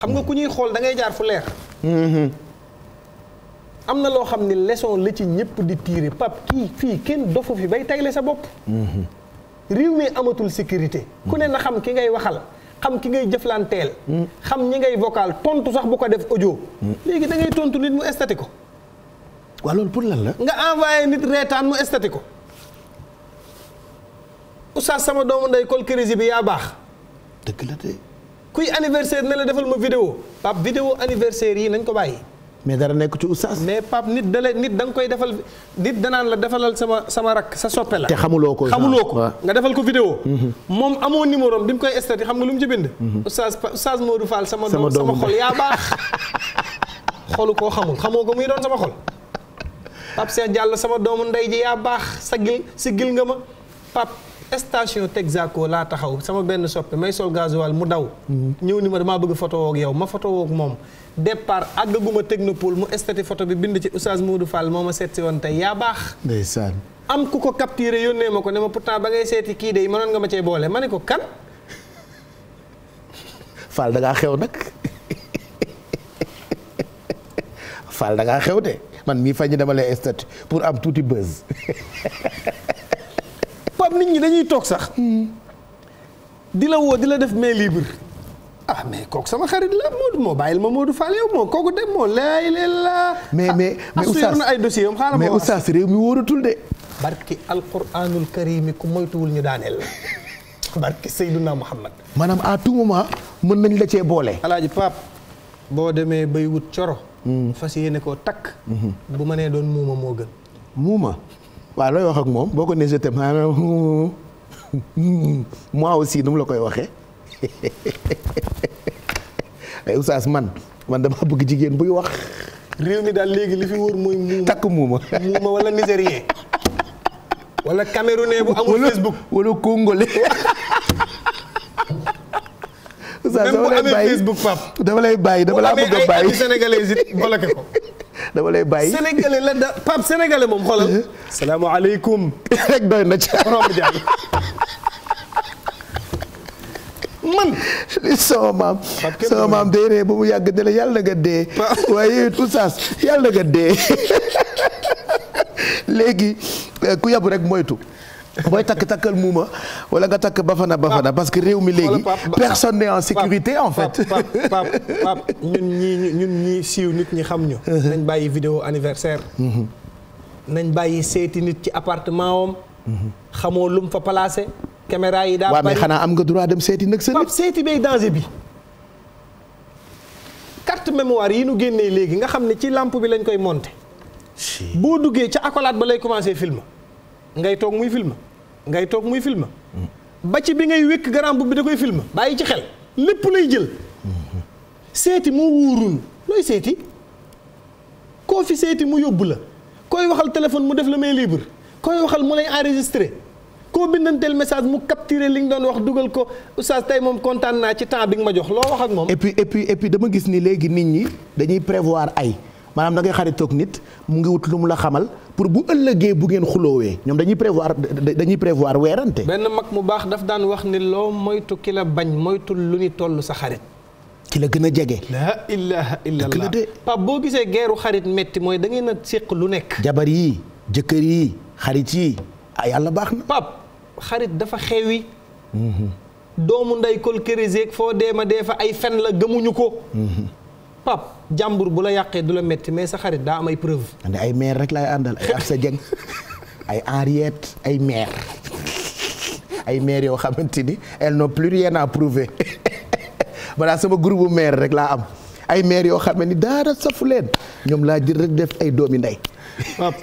xam nga ku ñuy xool da ngay jaar fu leer. Mm-hmm. am na loo xam ne leçon la ci ñëpp di tiire pap kii fii kenn dofu fi bay tayle sa bopp. Mm-hmm. réew mi amatul sécurité. ku ne mm-hmm. na xam ki ngay waxal xam ki ngay jëflanteel. xam ñi ngay vocal tontu sax bu ko def audio. léegi da ngay tontu nit mu estati ko. waaw loolu pour lan la. nga envoyé nit reetaan mu estati ko. oustaz sama doomu ndey colkérisi bi yaa baax. dëgg kuy anniversaire ne la defal ma vidéo Pape vidéo anniversaire yi nañ ko bàyyi. mais dara nekk ci oustaz. mais Pape nit da lay nit da nga koy defal nit danaan la defalal sama sama rak sa soppe la. te xamuloo ko xamuloo ko nga defal ko vidéo. Mhm. moom amoon numéro bi mu koy estati xam nga lu mu ci bind. Mhm. oustaz Pa oustaz Modou Fall sama. doom sama xol yaa baax. xolu koo xamul xamoo ko muy doon sama xol. Pape Cheikh Diallo sama doomu ndey ji yaa baax sa gil si gil nga ma Pape. station Texaco laa taxaw sama benn soppe may sol gasoil mu daw. ñëw ni ma damaa bëgg photo woog yow ma photo woog moom. départ àggaguma technopole mu estati photo bi bind ci Oustaz Modou Fall moo ma seet si woon tey yaa baax. am ku ko capturé yónnee ma ko ne ma pourtant ba ngay seeti kii de mënoon nga ma cee boole ma ne ko kan. Fall da xew nag Fall da xew de man mii fañ dama lay estati pour am tuuti buzz. Pape nit ñi dañuy toog sax. Hmm. di la woo di la def main libre. ah mais kooku sama xarit la Modou moo bàyyil ma Modou Fall yow moo kooku dem moo laay la. Ah, mais mais mais ah, Oustaz na ay dossiers am xaaral mais Oustaz réew mi wóoratul de. barki alquranul karim ku moytuwul ñu daaneel la barki Seydouna Muhammad. maanaam à tout moment mën nañ la cee boole. alaaji Pape boo demee bay wut coro. Hmm. fas yéene koo takk. Hmm. bu ma nee doon muuma moo gën. muuma. waaw looy wax ak moom boo ko nee je t'aime aussi nu mu la koy waxee ay oustaz man man dama bëgg jigéen buy wax. réew mi daal léegi li fi wóor mooy muuma takk muuma muuma wala nigérien wala camerounais bu amul Facebook wala bàyyi même bu amee Facebook Pape. dama lay bàyyi dama laa bëgg bàyyi bu amee ay sénégalais it ko. dama lay bàyyi. sénégalais la da Pape sénégalais moom xoolal. salaamaaleykum. rek doy na ci. man li sama maam sama maam day ree ba mu yàgg ne la yàlla na nga dee waaye yowit oustaz yàlla na nga dee eh, ku yab rek moytu booy takk takkal muuma wala nga takk ba bafana bafana parce que réew mi léegi personne n'est en sécurité en fait pap pap ñun ñi ñun ñi siiw nit ñi xam ñu uh-huh. nañ bàyyi vidéo anniversaire uh-huh. nañ bàyyi seeti nit ci appartement om uh-huh. xamoo lum fa placé caméra yi daa bari waaw mais xanaa am nga droit dem seeti nag sa nit seeti bay danger bi carte mémoire yi nu génnee léegi nga xam ne ci làmp bi lañ koy monter boo duggee ca accolade ba lay commencer film ngay toog muy film ngay toog muy film ba ci bi ngay wékk garambu bi da koy film bàyyi ci xel lépp lay jël seeti moo wóorul looy seeti koo fi seeti mu yóbbu la koy waxal téléphone mu def la may libre koy waxal mu lay enregistré koo bindanteel message mu capturé li nga doon wax dugal ko oustaz tey moom kontaan naa ci temps bi nga ma jox loo wax ak moom. et puis et dama gis ni léegi nit ñi dañuy prévoir ay. maanaam da ngay xaritoog nit mu ngi wut lu mu la xamal pour bu ëllëgee bu ngeen xuloowee ñoom dañuy prévoir dañuy prévoir weerante. benn mag mu baax daf daan wax ni loo moytu ki la bañ moytu lu ni toll sa xarit. ki la gën a jege. laa ilaaha illallah Pape boo gisee geeru xarit metti mooy da ngeen a séq lu nekk. jabar yi jëkkër yi xarit yi ah yàlla baax na. Pape xarit dafa xewi. Mhm. doomu nday kolkerisé foo dee ma dee fa ay fen la gëmuñu ko. Mhm. pap jàmbur bu la yàqee du la metti mais sa xarit daa am ay preuve ande ay maire rek laay àndal ay Absa Dieng ay Henriette ay maire yoo xamante ni elles n'ont plus sama groupe maire rek laa am ay maire yoo xam ni daara safu ñoom laa jël rek def ay doomi ndey xam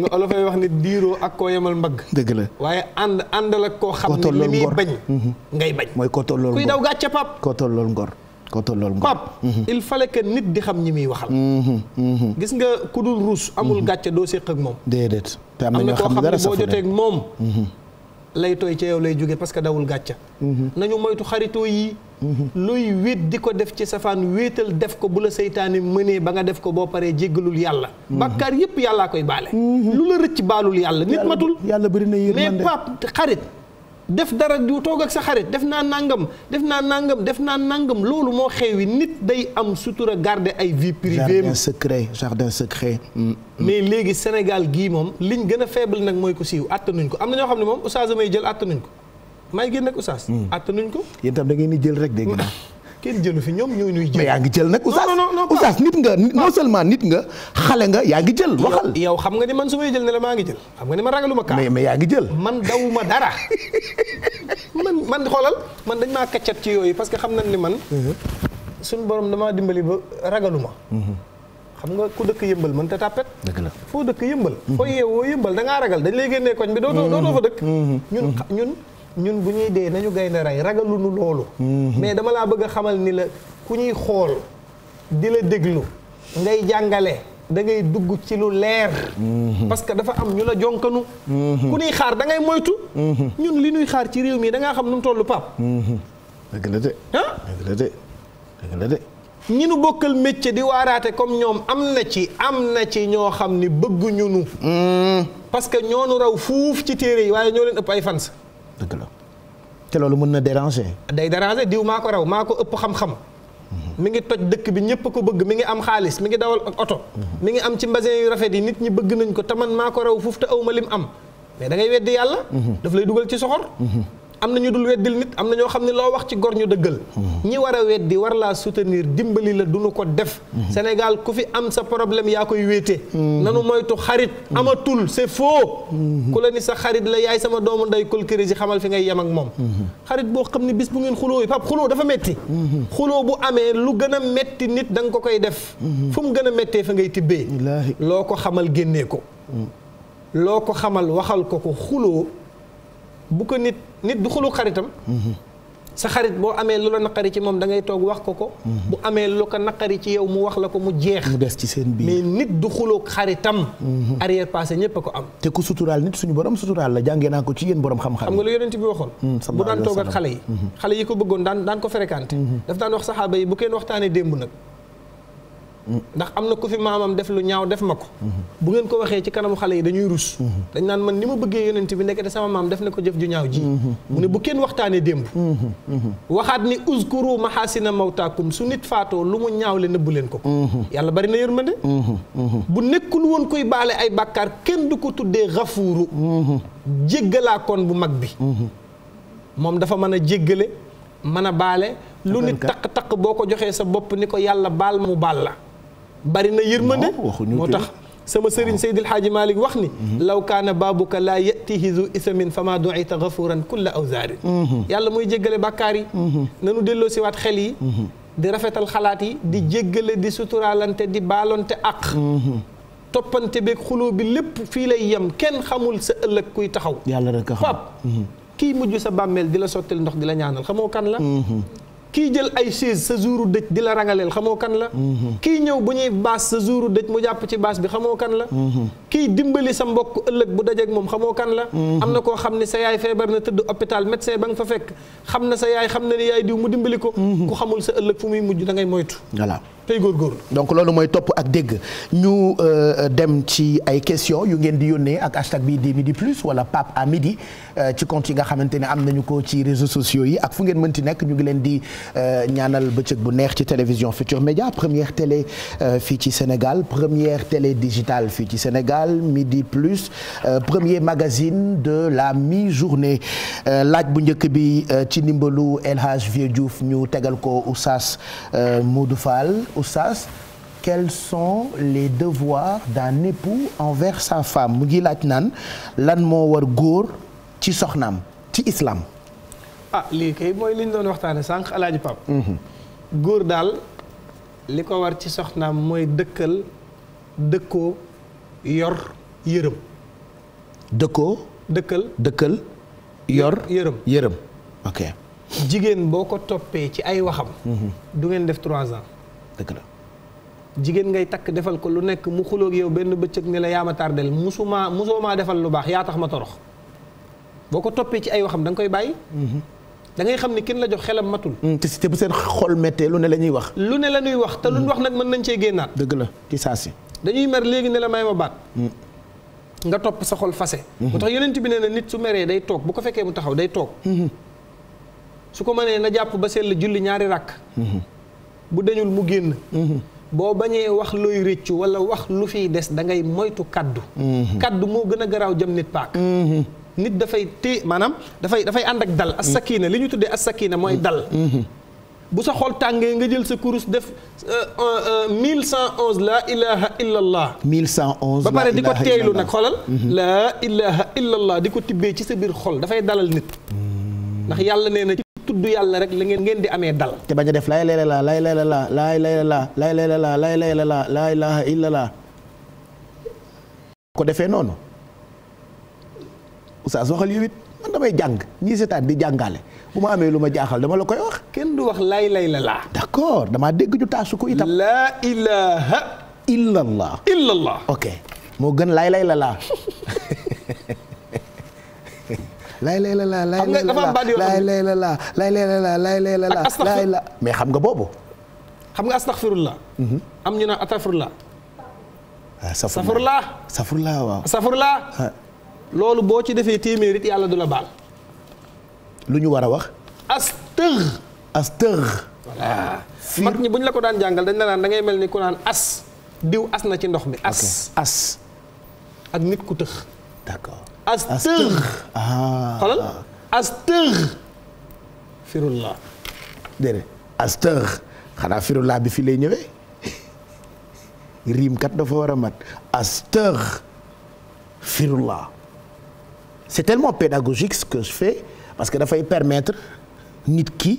nga olof ay wax ni diiroo ak koo yemal dëgg la waaye ànd àndal ak koo xam ne li bañ. Mhm. ngay bañ mooy koo tollool koo tollool ngor. ko tollool ngor Pape mhm. il fallait nit di xam ñi muy waxal. Mhm, mhm. gis nga ku dul ruus. amul gàcca doo séq ak moom. déedéet te am na ñoo xam ne dara safu boo jotee ak moom. lay tooy ca yow lay jóge parce que dawul gàcca nañu moytu xaritoo yi. luy wéet di ko def ci safaan wéetal def ko bu la seytaane mënee ba nga def ko boo paree jéggalul yàlla. bàkkaar yëpp yàllaa koy baale. lu la rëcc baalul yàlla nit matul. yàlla bëri na yërmande mais Pape xarit. def dara du toog ak sa xarit def naa nangam def naa nangam def naa nangam loolu moo xewi nit day am sutura garder ay vie privée jardin secret jardin secret mm. mais léegi Sénégal gii moom li ñu gën a faible nag mooy ko siiw attanuñ ko am na ñoo xam ne moom oustaz may jël attanuñ ko may génn ak oustaz mm. attanuñ ko yéen tam da ngeen di jël rek dégg naa kenn jëlu fi ñoom ñooy ñuy jël mais yaa ngi jël nag oustaz nit nga non nit nga xale nga yaa ngi jël waxal yow xam nga ni man su may jël ne la maa ngi jël xam nga ni man ragaluma kaa mais mais yaa ngi jël man dawuma dara man man xoolal man dañ maa kaccat ci yooyu parce que xam nañ ni man mhm. suñu borom damaa dimbali ba ragaluma mhm. xam nga ku dëkk yëmbal man ta tàppet dëgg foo dëkk yëmbal mhm. foo yeewoo yëmbal da ngaa ragal dañ lay génnee koñ bi dootoo dootoo fa dëkk ñun ñun bu ñuy dee nañu gaynde rey ragaluñu loolu mhm. mais dama laa bëgg a xamal ni la ku ñuy xool di la déglu ngay jàngale da ngay dugg ci lu leer mhm. parce que dafa am ñu la jonkanu mhm. ku ñuy xaar da ngay moytu ñun li ñuy xaar ci réew mi dangaa xam nu mu tollu pap dëgg na de ñu nu bokkal métier di waaraate comme ñoom am na ci am na ci ñoo xam ni bëgguñu nu parce que ñoo nu raw fuuf ci téere yi waaye ñoo leen ëpp ay fans dëgg la te loolu mën na déranger. day déranger diw maa ko raw maa ko ëpp xam-xam. mi ngi toj dëkk bi ñëpp ko bëgg mi ngi am xaalis mi ngi dawal ak oto. mi ngi am ci mbasin yu rafet yi nit ñi bëgg nañ ko te man maa ko raw foofu te aw ma lim am mais da weddi yàlla. Mhm. daf lay dugal ci soxor. Mhm. am na ñu dul weddil nit am na ñoo xam ne loo wax ci gor ñu dëggal ñi war a weddi war laa soutenir dimbali la duñu ko def Sénégal ku fi am sa problème yaa koy wéete nanu moytu xarit amatul c'est faux ku la ni sa xarit la yaay sama doomu ndey kulkiri si xamal fi ngay yem ak moom xarit boo xam ne bis bu ngeen xuloo yi pap xuloo dafa metti xuloo bu amee lu gën a metti nit da nga ko koy def fu mu gën a mettee fa ngay tibbee loo ko xamal génnee ko loo ko xamal waxal ko ko xuloo bu ko nit nit du xulu xaritam. Mm-hmm. sa xarit boo amee lu la naqari ci moom da ngay toog wax ko ko. Mm-hmm. bu amee lu ko naqari ci yow mu wax la ko mu jeex. mu ci seen biir mais nit du xuloo xaritam. Mm-hmm. arrière passé ñëpp a ko am. te ku suturaal nit suñu borom suturaal la jàngee naa ko ci yéen borom xam-xam. xam nga lu yonent bi waxoon. Mm, bu daan toog ak xale yi. xale yi ko bëggoon daan daan ko fréquenté. daf daan wax saxaaba yi bu kenn waxtaanee démb nag. ndax am na ku fi maamam def lu ñaaw def ma ko bu ngeen ko waxee ci kanamu xale yi dañuy rus dañ naan man ni ma bëggee yonent bi ndekete sama maam def na ko jëf ju ñaaw ji mu ne bu kenn waxtaanee démb waxaat ni uzkuru mahasina mawtaakum su nit faatoo lu mu ñaaw le nëbbu leen ko yàlla bari na yërmande bu nekkul woon kuy baale ay bàkkaar kenn du ko tuddee xafuuru jéggalaa kon bu mag bi moom dafa mën a jéggale mën a baale lu nit taq taq boo ko joxee sa bopp ni ko yàlla baal mu baal la bari na yërmande moo tax sama sëriñ Seydil Hadji Malick wax ni mhm. law kaana baabuka laa yatihi zu isamin fama duita gafuran kulla awzaarin mhm. yàlla mooy jéggale bàkkaar yi mhm. nanu delloo si waat xel yi di rafetal xalaat yi di jéggale di suturaalante di baalonte ak toppante beeg xuloo bi lépp fii lay yem kenn xamul sa ëllëg kuy taxaw yàlla rek a xam kii mujj sa bàmmeel di la sottil ndox di la ñaanal xamoo kan la kii jël ay chaise sa jouru dëj di la ragaleel xamoo kan la mm-hmm. kii ñëw bu ñuy baas sa jouru dëj mu jàpp ci baas bi xamoo kan la mm-hmm. kiy dimbali sa mbokk ëllëg bu dajeeg moom xamoo kan la mhm. am na koo xam ne sa yaay feebar na tëdd hôpital médecin ba nga fa fekk xam na sa yaay xam na ni yaay diw mu dimbali ko mhm. ku xamul sa ëllëg fu muy mujj da ngay moytu voilà tey góorgóorlu donc loolu mooy topp ak dégg ñu euh, dem ci ay questions yu ngeen di yónnee ak hashtag bi di midi plus wala pape à midi euh, ci compte yi nga xamante ne am nañu ko ci réseaux sociaux yi ak fu ngeen mënti nekk ñu ngi leen di euh, ñaanal bëccëg bu neex ci télévision Futur Média première télé fii ci Sénégal première télé digitale fii ci Sénégal Sénégal Midi Plus euh, premier magasin de la mi-journée euh, laaj bu njëkk bi euh, ci ndimbalu El Hadj Diouf ñu tegal ko Oustaz du Fall Oustaz quels sont les devoirs d'un époux envers sa femme mu ngi laaj naan lan moo war góor ci soxnaam ci islam. a ah, lii kay mooy li ñu doon waxtaane sànq alaaji pap mhm. góor daal li ko war ci soxnaam mooy dëkkal dëkkoo yor yërëm. dëkkoo. dëkkal dëkkal. yor yërëm yërëm ok. jigéen boo ko toppee ci ay waxam. Mhm. du ngeen def trois ans. dëkk la. jigéen ngay takk defal ko lu nekk mu xuloog yow benn bëccëg ne la yaa ma musuma musoo maa defal lu baax yaa tax ma torox boo ko toppee ci ay waxam da nga koy bàyyi. Mhm. da ngay xam ni kenn la jox xelam matul. Mm, te bu seen xol méttee lu ne la ñuy wax. lu ne la ñuy wax te lu ñu mm. wax nag mën nañ cee génnaat. dëgg la ci saa si. dañuy mer léegi ne la may ma baat mm. nga topp sa fase mu mm-hmm. tax yonent bi nee na nit su meree day toog bu ko fekkee mu taxaw day toog mm-hmm. su ko mënee na jàpp ba sell julli ñaari ràkk mm-hmm. bu dañul mu génn boo bañee wax looy rëccu wala wax lu fiy des da ngay moytu kàddu kaddu moo gën a garaaw jëm nit paak nit dafay téye maanaam dafay dafay ànd ak dal as sakina li ñu tuddee as sakina mooy dal bu sa xol tàngee nga jël sa kurus def mille cent 1111 laa ilaha illallah. 1111 ba pare di ko teeylu nag xolal. laa ilaha illallah di ko tibbee ci sa biir xol dafay dalal nit. ndax yàlla nee na ci tudd yàlla rek la ngeen ngeen di amee dal. te bañ a def laay layla laay layla laay layla laay layla laay layla laay ilaha illallah. ko defee noonu. oustaz waxal yow it man damay jàng ñii seetaan di jàngale bu ma amee lu ma jaaxal dama la koy wax. kenn du wax lay lay la laa. d'accord damaa dégg ñu taasu ko itam. laa ilaha. illallah. illallah. moo gën lay lay la laa. lay lay la laa. xam la laa lay lay la laa lay lay la laa. xam nga boobu. xam nga astaghfirullah. Mhm. am ñu naan ah, waaw. Ah. loolu boo ci defee téeméer yàlla du la baal. lu ñu war a wax. astëg. astëg. voilà mag ñi bu ñu la ko daan jàngal dañ la naan da ngay mel ni ku naan as. diw as na ci ndox mi as. as. ak nit ku tëx. d'accord astëg. Ah. xoolal astëg. firullah. déedéet astëg xanaa firullah bi fi lay ñëwee. riim dafa war a mat astëg. firullah. c'est tellement pédagogique ce que je fais parce que dafay permettre nit ki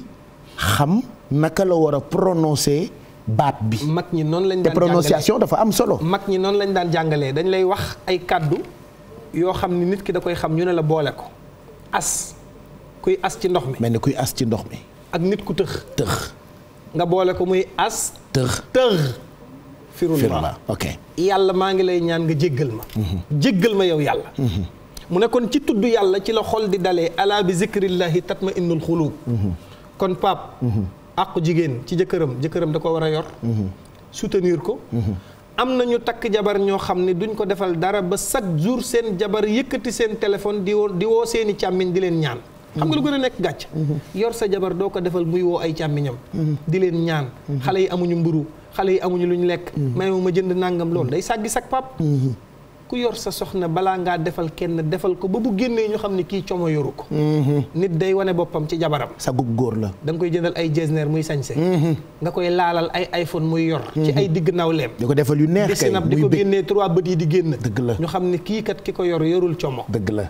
xam naka la war a prononcer baat bi. mag ñi noonu lañ daan jàngalee te prononciation dafa am solo. mag ñi noonu lañ daan jàngalee dañ lay wax ay kàddu yoo xam ni nit ki da koy xam ñu ne la boole ko as kuy as ci ndox mi. mel ni kuy as ci ndox mi. ak nit ku tëx. tëx nga boole ko muy as. tëx tëx. firul ma ok. yàlla maa ngi lay ñaan nga jéggal ma. Mhm. jéggal ma yow yàlla. Mhm. mu ne kon ci tudd yàlla ci la xol di dalee ala bi zikrillahi ma innul xuluub kon pap àqu jigéen ci jëkkëram jëkkëram da ko war a yor soutenir ko am na ñu takk jabar ñoo xam ne duñ ko defal dara ba chaque jour seen jabar yëkkati seen téléphone di woo di woo seeni i càmmiñ di leen ñaan xam nga lu gën a nekk gàcc yor sa jabar doo ko defal muy woo ay càmmiñam di leen ñaan xale yi amuñu mburu xale yi amuñu luñ lekk may ma jënd nàngam loolu day sàggi sag pap ku yor sa soxna balaa ngaa defal kenn defal ko ba bu génnee ñu xam ne kii como yoru ko mm-hmm. nit day wane boppam ci jabaram sa sagub góor la da nga koy jëndal ay jesner muy sañse mm-hmm. nga koy laalal ay iphone muy yor ci mm-hmm. ay digg nawleem di ko defal yu neex kay di sinab di ko génnee trois bët yi di génn dëgg la ñu xam ne kii kat ki ko yor yorul como dëgg la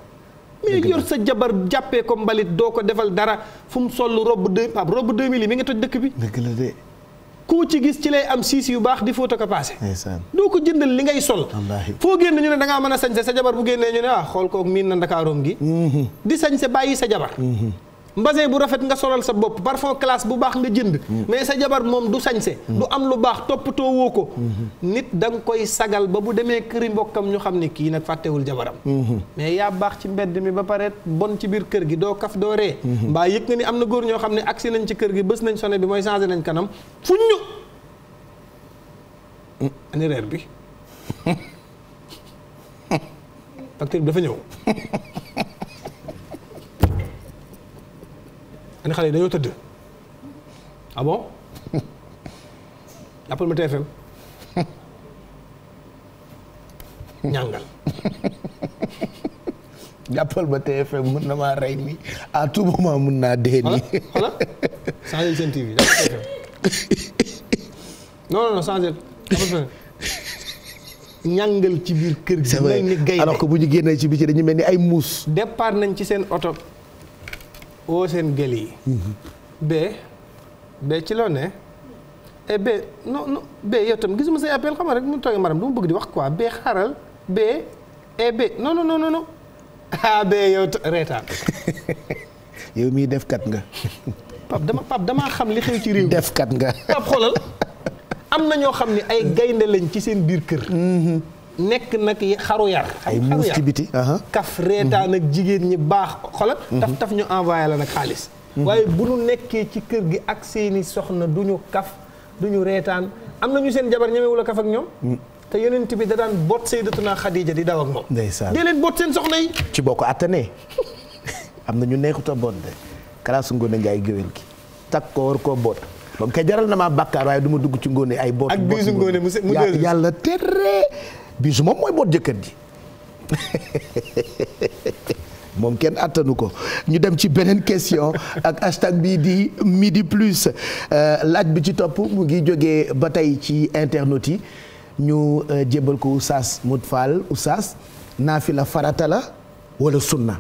mais yor sa jabar jàppee ko mbalit doo ko defal dara fu mu soll robe deux robe deux mille yi mi nga toj dëkk bi la koo ci gis ci lay am siis yu baax di foto ko paase doo ko jëndal li ngay sol foo génn ñu ne da ngaa a sañse sa jabar bu génnee ñu ne ah xool ko miin na ndakaaroom gi mm-hmm. di sañse bàyyi sa jabar mm-hmm. mbasin bu rafet nga solal sa bopp parfum classe bu baax nga jënd mm. mais sa jabar moom du sañse mm. du am lu baax toppatoo woo ko mm-hmm. nit danga koy sagal ba bu demee këri mbokkam ñu xam ne kii nag fàttewul jabaram mm-hmm. mais yaa baax ci mbedd mi ba pare bon ci biir kër gi doo kaf doo ree mm-hmm. mbaa yëg nga ni am na góor ñoo xam ne agsi nañ ci kër gi bés nañ sone bi mooy changé nañ kanam fuñ ñu mm. ani bi facture bi dafa ñëw dañu xale yi dañoo tëdd ah bon jàppal ma TFM ñàngal jàppal ma TFM mën na maa rey nii à tout moment mën naa dee nii. voilà changé ñàngal ci biir kër gi. c'est vrai alors que bu ñu génnee ci bi ci dañu mel ni ay muus. départ nañ ci seen oto. oo seen gël yi bee bee ci loo ne e eh, bee non non bee yow tam gisuma say appel xam rek mu toogee maram du bëgg di wax quoi bee xaaral bee e eh, bee non non non ah, bee yow reetaan yow mii def nga pap dama pap damaa xam li xew ci réew def kat nga pap xoolal am na ñoo xam ne ay gaynde lañ ci seen biir kër mm-hmm. nekk nag xaru yar. ay muus ci biti kaf reetaan ak jigéen ñi baax xoolal. Mhm. taf daf ñu envoyé la nag xaalis. Mhm. waaye bu nu nekkee ci kër gi ak seeni soxna du ñu kaf du ñu reetaan am na ñu seen jabar ñemewul a kaf ak ñoom. Mm. te yonent bi da daan boot Sayyidatuna Xadiija di daw ak moom. ndeysaan dee leen boot seen soxna yi. ci boo ko attanee am na ñu nekkut a boot de. kalaasu Ngoone Njaay géwél gi takk ko war koo boot. donc jaral na maa bàkkaar waaye du ma dugg ci ngóone ay. boot mu yàlla tere. biisu moom mooy boot jëkkër ji moom kenn attanu ko ñu dem ci beneen question ak hashtag bii di midi plus euh, laaj bi ci topp mu ngi jógee ba tey ci internautes yi ñu euh, jébbal ko Oustaz Modou naa fi la farata la wala sunna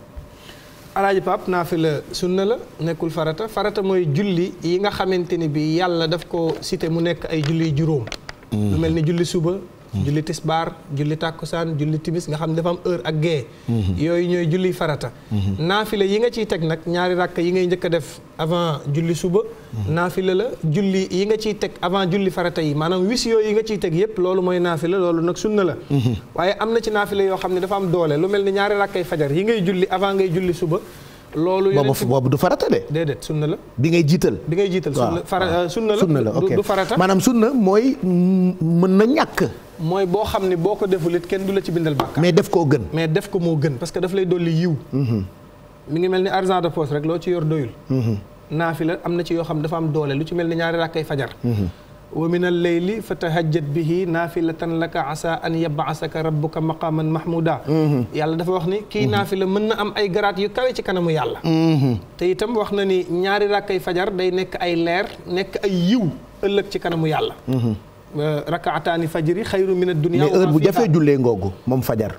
alaaji Pape naafila sunna la nekkul farata farata mooy julli yi nga xamante ni bi yàlla daf ko cité mu nekk ay julli juróom mm. mel ni julli suba julli tisbaar julli tàkkusaan julli timis nga xam ne dafa am heure ak gée mhm. yooyu ñooy julli farata mhm. la yi nga ciy teg nag ñaari ràkk yi ngay njëkk a def avant julli suba mhm. naafila la la julli yi nga ciy teg avant julli farata yi maanaam wis yooyu yi nga ciy teg yépp loolu mooy la loolu nag sunna la waaye am na ci la yoo xam ne dafa am doole lu mel ni ñaari rakkay fajar yi ngay julli avant ngay julli suba loolu boobu du farata de. déedéet sunna la. bi ngay jiital. bi ngay jiital sunna fara euh, sunna la. na la ok du farata. maanaam na mooy mën na ñàkk. mooy boo xam ne boo ko deful it kenn du la ci bindal bàkkaar. mais def koo gën. mais def ko moo gën parce que daf lay dolli yiw. mu mm-hmm. ngi mel ni argent de poche rek loo ci yor doyul. Mm-hmm. naafi la am na ci yoo xam dafa am doole lu ci mel ni ñaari rakkay fajar. Mm-hmm. wa min alleyli fa tahajjat bihi naafilatan laka asa an yabasaka rabbuka maqaman mahmuda mm-hmm. yàlla dafa wax ni kii mm-hmm. la mën na am ay garaat yu kawe ci kanamu yàlla mm-hmm. te itam wax na ni ñaari ay fajar day nekk ay leer nekk ay yiw ëllëg ci kanamu yàlla rakaataani fajri xayru mi addunia mais heure bu jafee jullee ngoogu moom fajar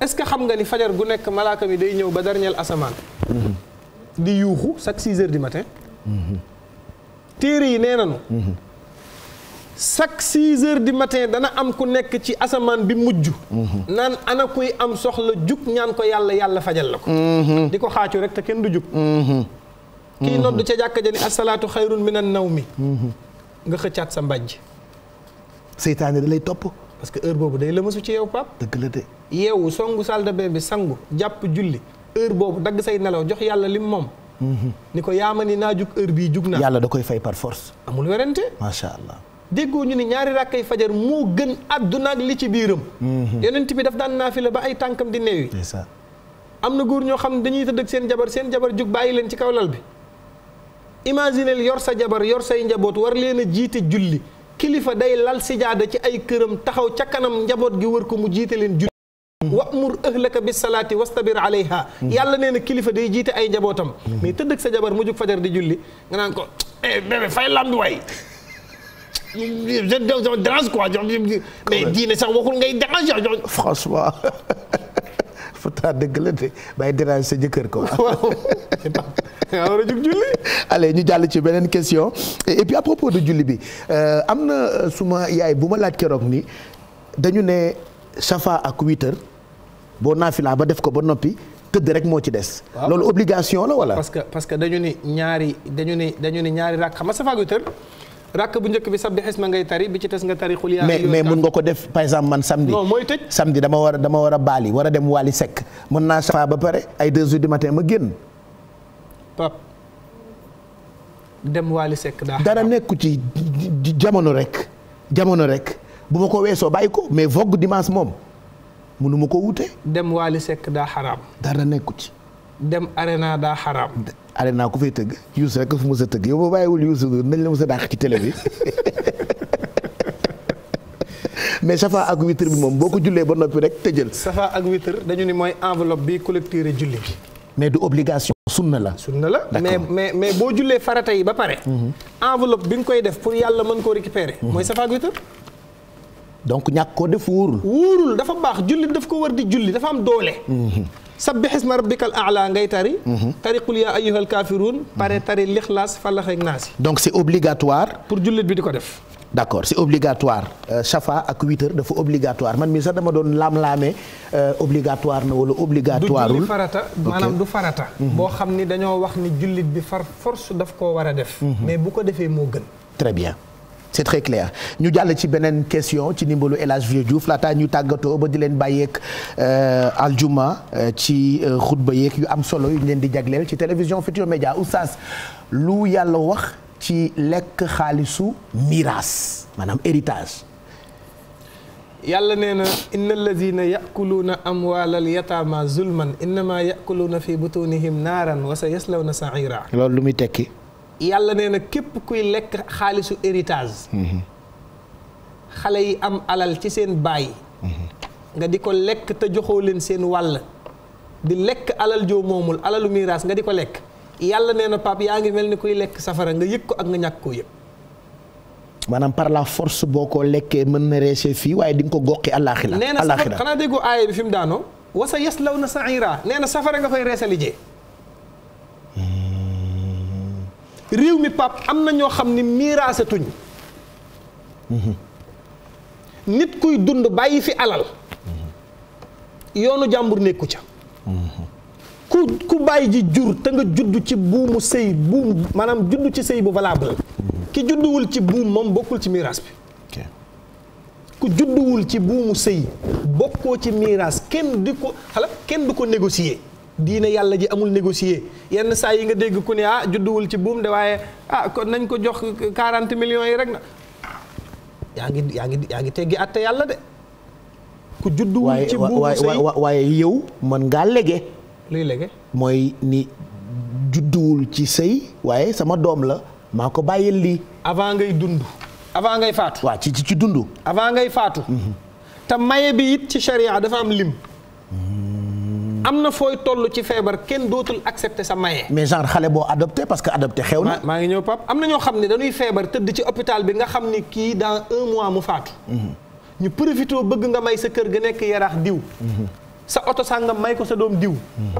est-ce que xam nga ni fajar gu nekk malaaka day ñëw ba dernier asamaan di yuuxu chaque six heures du matin téere yi nee nanu chaque six heures du matin dana am ku nekk ci asamaan bi mujj naan ana kuy am soxla jug ñaan ko yàlla yàlla fajal la ko mm-hmm. di ko xaacu rek te kenn du jug mm-hmm. kii mm-hmm. nodd ca jàkka ja ni asalaatu mi min naw mi nga xëccaat sa mbàjj seytaane da lay topp parce que heure boobu day la mësu ci yow pap dëgg la de yeewu songu salle bi sangu jàpp julli heure boobu dagg say nelaw jox yàlla lim moom ni ko yaama ni naa jug heure bii jug naa yàlla da koy fay par force amul werante macha allah déggoo ñu ni ñaari rakkay fajar moo gën àdduna ak li ci biiram mhm. yonent bi daf daan naafila ba ay tànkam di neewi am na góor ñoo xam ne dañuy tëdd seen jabar seen jabar jug bàyyi leen ci kaw lal bi imagineel yor sa jabar yor say njaboot war leen a jiite julli kilifa day lal sijaada ci ay këram taxaw ca kanam njaboot gi wër ko mu jiite leen julli mhm. wa'mur ahlaka bis salaati wastabir alayha mhm. yàlla nee na kilifa day jiite ay njabootam mais tëdd sa jabar mu fajar di julli nga naan eh, je dérange quoi mais diine sax waxul ngay dérange. François pourtant dëgg la de bay sa jëkkër quoi. nga war a julli. allez ñu jàll ci beneen question et puis à propos julli bi euh, am na euh, suma yaay bu ma laaj keroog ni dañu ne safa ak witr boo naafilaa ba def ko ba noppi tëdd rek moo ci des. loolu obligation la wala. parce que parce que dañu ni ñaari dañu ni ñaari rakk xam nga safa ak witr rakk bu njëkk bi sabbi xis ma ngay tari bi ci tes nga tari xul yaa mais mais mun nga ko def par exemple man samedi. non mooy tëj samedi dama war a dama war a baali war a dem waali sekk mën naa safa ba pare ay deux heures du matin ma génn. pap dem waali sekk daa. dara nekku ci jamono rek jamono rek bu ma ko weesoo bàyyi ko mais vogue dimanche moom munu ma ko wute. dem waali sekk daa xaraam. dara nekku ci. dem arena daa xaraam. arena ku fay tëgg Youssou rek fu mu mës tëgg yow boo bàyyiwul Youssou nañ la mës a dàq ci télé bi mais safa ak witre bi moom boo ko jullee ba noppi rek tëjël. safa ak witre dañu ni mooy enveloppe bi collecteur julli bi. mais du obligation. sunna la na la mais mais mais boo jullee farata yi ba pare. Mhm. enveloppe bi nga koy def pour yàlla mën koo récupérer. Mhm. mooy safa ak witre. donc ñàkk koo def wóorul. wóorul dafa baax julli daf ko war di julli dafa am doole. Mhm. sabbih isma rabbikal a'la ngay tari. Mhm. tari qul yaa ayyuhal kaafiruun. pare mhm. tari lixlaas falax ak naas. donc c'est obligatoire. pour jullit bi di ko def. d'accord c'est obligatoire chafa euh, ak witr dafa obligatoire man mii sax dama doon laam-laamee euh, obligatoire na wala obligatoire. du julli farata maanaam du farata. Mhm. boo xam ni dañoo wax ni jullit bi far force daf koo war a def. mais bu ko defee moo gën. très bien. c'est très clair ñu jàll ci beneen question ci ndimbalu El Hadj Vieux Diouf ñu tàggatoo ba di leen bàyyeeg euh, aljuma euh, ci euh, xutba yeeg yu am solo yu leen di jagleel ci télévision Futurs Médias oustaz lu yàlla wax ci lekk xaalisu miraas maanaam éritage yàlla nee na inna allazina yakuluuna amwaalal yataama zulman innama yakuluuna fi butunihim naaran wa sa yaslawna saira loolu lu muy tekki. yàlla nee na képp kuy lekk xaalisu héritage. Mhm. xale yi am alal ci seen baay. Mhm. nga di ko lekk te joxoo leen seen wàll. di lekk alal joo moomul alalu miiraas nga di ko lekk. yàlla nee na pap yaa ngi mel ni kuy lekk safara nga yëg ko ak nga ñàkk koo yëg. maanaam par la force boo ko lekkee mën na reesee fii waaye di nga ko goqi àllaaxira. àllaaxira nee na safara xanaa déggoo aaya fi mu daanoo. wasa yaslaw na saira nee na safara nga koy reesali jee. réew mi pap am na ñoo xam ni miiraasatuñ nit kuy dund bàyyi fi alal yoonu jàmbur nekku ca ku ku bàyyi ji jur te nga judd ci buumu sëy buum maanaam judd ci sëy bu valable ki judduwul ci buum moom bokkul ci miiraas bi ku judduwul ci buumu sëy bokkoo ci miiraas kenn di ko xala kenn du ko négocier diine yàlla ji amul négocier yenn saa yi nga dégg ku ne ah judduwul ci buum de waaye ah kon nañ ko jox 40 millions yi rek na yaa ngi yaa ngi yaa ngi teggi àtte yàlla de ku judduwul ci buum waaye yow mën ngaa lege luy lege mooy ni judduwul ci sëy waaye sama doom la maa ko bàyyi lii avant ngay dund avant ngay faatu waaw ci ci dund avant ngay faatu mhm. te maye bi it ci charia dafa am lim am na fooy toll ci feebar kenn dootul accepter sa maye. mais genre xale boo adopté parce que adopté xew na. maa ngi ñëw pap am na ñoo xam ne dañuy feebar tëdd ci hôpital bi nga xam ni kii dans un mois mu faatu. Mhm. ñu profité bëgg nga may sa kër ga nekk yaraax diw. Mhm. sa oto sàngam may ko sa doom diw. Mhm.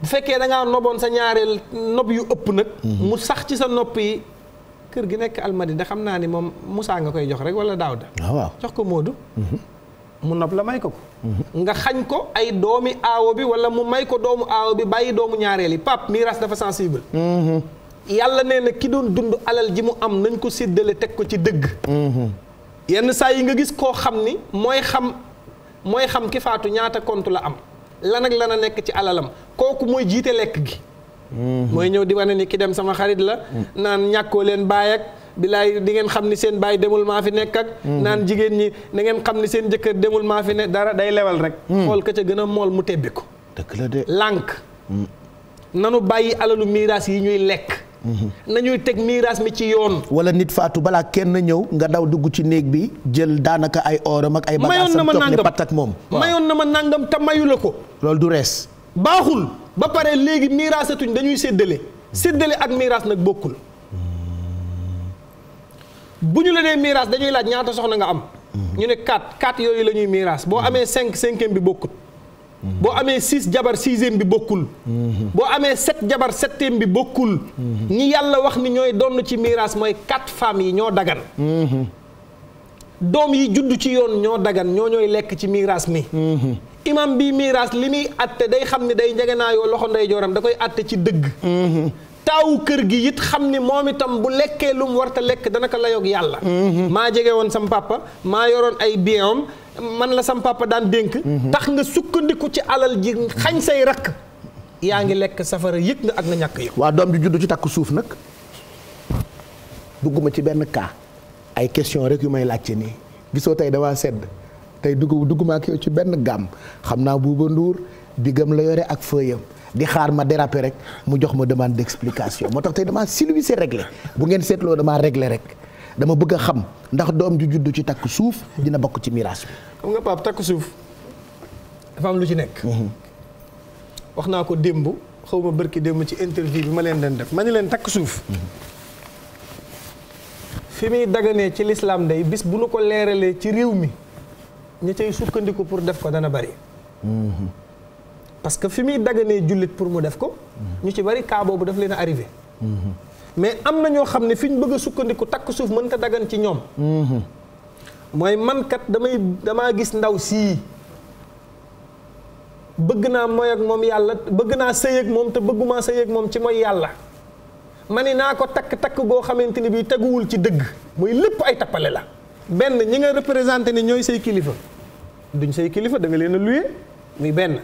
bu fekkee da noboon sa ñaareel nob yu ëpp nag. mu sax ci sa nopp yi kër gi nekk almadi da xam naa ni moom musaa nga koy jox rek wala Daouda. Ah, waaw jox ko Modou. mu la may ko ko. nga xañ ko ay doomi aawo bi wala mu may ko doomu aawo bi bàyyi doomu ñaareeli yi pap dafa sensible yàlla nee na ki doon dund alal ji mu am nañ ko séddale teg ko ci dëgg yenn saa yi nga gis koo xam ni mooy xam mooy xam ki faatu ñaata compte la am lan ak lan a nekk ci alalam kooku mooy jiite lekk gi mm-hmm. mooy ñëw di wane ni ki dem sama xarit la mm-hmm. naan ñàkkoo leen baay ak bilaay di ngeen xam ni seen baay demul maa fi nekk ak mhm. naan jigéen ñi na ngeen xam ni seen jëkkër demul maa fi ne dara day lewal rek mhm. xool ka ca gën a mool mu tebbi ko lànk mhm. nanu bàyyi alalu miiraas yi ñuy lekk nañuy teg miiras mi ci yoon. wala nit faatu balaa kenn ñëw nga daw dugg ci néeg bi jël daanaka ay ooram ak ay. mayoon na ma nangam moom. mayoon na ma nangam te mayu la ko. loolu du rees. baaxul ba pare léegi miirasatuñ dañuy séddale séddale ak miiras nag bokkul. bu ñu la dee miiras dañuy laaj ñaata soxna nga am. ñu ne 4 4 yooyu la ñuy miiras boo amee 5 cinquième bi bokkut. boo amee 6 jabar sixième bi bokkul. boo amee 7 jabar septième bi bokkul. ñi yàlla wax ni ñooy donn ci miiras mooy 4 femmes yi ñoo dagan. doom yi judd ci yoon ñoo dagan ñoo ñooy lekk ci miiras mi. imam bii miiras li muy àtte day xam ni day njëgënaayoo loxo ndeyjooram da koy àtte ci dëgg. taawu kër gi it xam ni moom itam bu lekkee lum mu warta lekk dana ko layoog yàlla mhm. maa jege woon sam papa maa yoroon ay bienam man la sam papa daan dénk mhm. tax nga sukkandiku ci alal ji xañ say rakk yaa ngi lekk safara yëg nga ak nga ñàkk yëg waa doom ji juddu ci takk suuf nag dugguma ci benn cas ay question rek yu may laajte nii gisoo tey damaa sedd tey dugg dugguma ak yow ci benn gàmm xam naa Buuba Nduur gëm la yore ak fëyam di xaar ma déraper rek mu jox ma demande explication moo tax tey damaa silvisé réglé bu ngeen seetloo damaa réglé rek dama bëgg a xam ndax doom ju juddu ci takk suuf dina bokk ci miraas bi. xam nga Pape takk suuf dafa am lu ci nekk. Mhm. wax naa ko démb xaw ma bërki démb ci interview bi ma leen den def ma ne leen takk suuf. Mhm. fi muy daganee ci lislaam day bis bu nu ko leeralee ci réew mi ña sukkandiku pour def ko dana bari. Mhm. parce que fi muy daganee jullit pour mu def ko. ñu ci bari cas boobu daf leen a mais am na ñoo xam ne fi ñu bëgg a sukkandiku takk suuf mën ko dagan ci ñoom. mooy man kat damay damaa gis ndaw sii. bëgg naa mooy ak moom yàlla bëgg naa sëy ak moom te bëgguma sëy ak moom ci mooy yàlla. ma ne naa ko takk takk goo xamante ni bii teguwul ci dëgg. muy lépp ay tappale la. benn ñi nga représenté ne ñooy say kilifa duñ say kilifa da leen a luye. muy benn.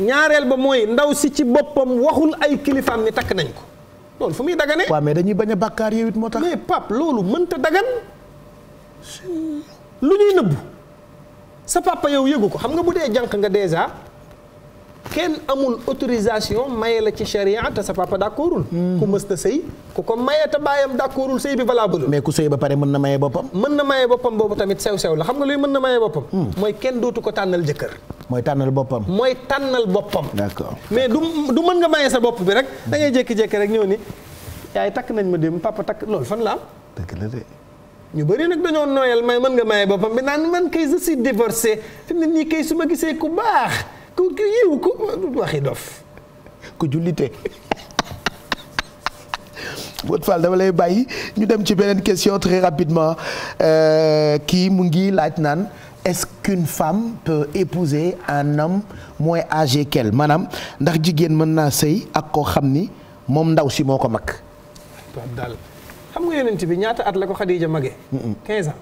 ñaareel ba mooy ndaw si ci boppam waxul ay kilifaam ni takk nañ ko loolu fu muy dagane. waaw mais dañuy bañ a bàkkaar yow it moo tax. mais Pape loolu mënta dagan lu ñuy nëbb sa papa yow yëgu ko xam nga bu dee jànq nga dèjà kenn amul autorisation maye la ci charia te sa papa d'accordul hmm. ku mës ta sëy ku ko maye te baayam d'accordul sëy bi valable mais ku sëy ba pare mën na maye boppam mën na maye boppam boobu tamit sew sew la xam nga luy na maye boppam hmm. mooy kenn dootu ko tànnal jëkkër mooy tànnal boppam mooy tànnal boppam d'accord mais du du mën nga maye sa bopp bi rek da ngay jékki-jékki rek ñëw ni yaay takk nañ ma dem papa takk loolu fan laa am dëgg la de ñu bëri nag dañoo nooyal may mën nga maye boppam bi naan man kay je suis divorcé fi mu ne nii su ma gisee ku baax ku yiw ku waxi dof ku jullite Bot Fall dama lay bàyyi ñu dem ci beneen question très rapidement euh, kii mu ngi laaj naan est-ce qu'une femme peut épouser un homme moins âgé qu'elle maanaam ndax jigéen mën naa sëy ak koo xam ni moom ndaw si moo ko mag. daal xam nga yonent bi ñaata at la ko Khadija magee. 15 ans.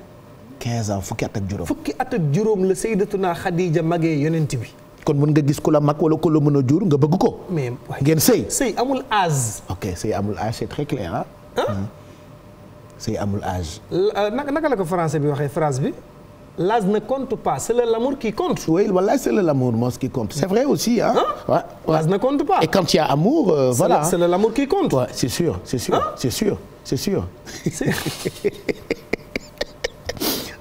15 ans fukki at ak juróom. fukki at ak juróom la Sayyidatuna Khadija magee yonent bi. kon mën nga gis ku la mag wala ku la mën a jur nga bëgg ko. mais ngeen sëy. sëy amul âge. ok sëy amul âge c'est très clair ah. sëy amul âge. Euh, naka la ko français bi waxee phrase bi. L'âge ne compte pas, c'est l'amour qui compte. Oui, voilà, c'est l'amour moi ce qui compte. C'est vrai aussi hein. hein? Ouais, ouais. L'âge ne compte pas. Et quand il y a amour euh, voilà, c'est l'amour qui compte. Ouais, c'est sûr, c'est sûr, c'est sûr, c'est sûr.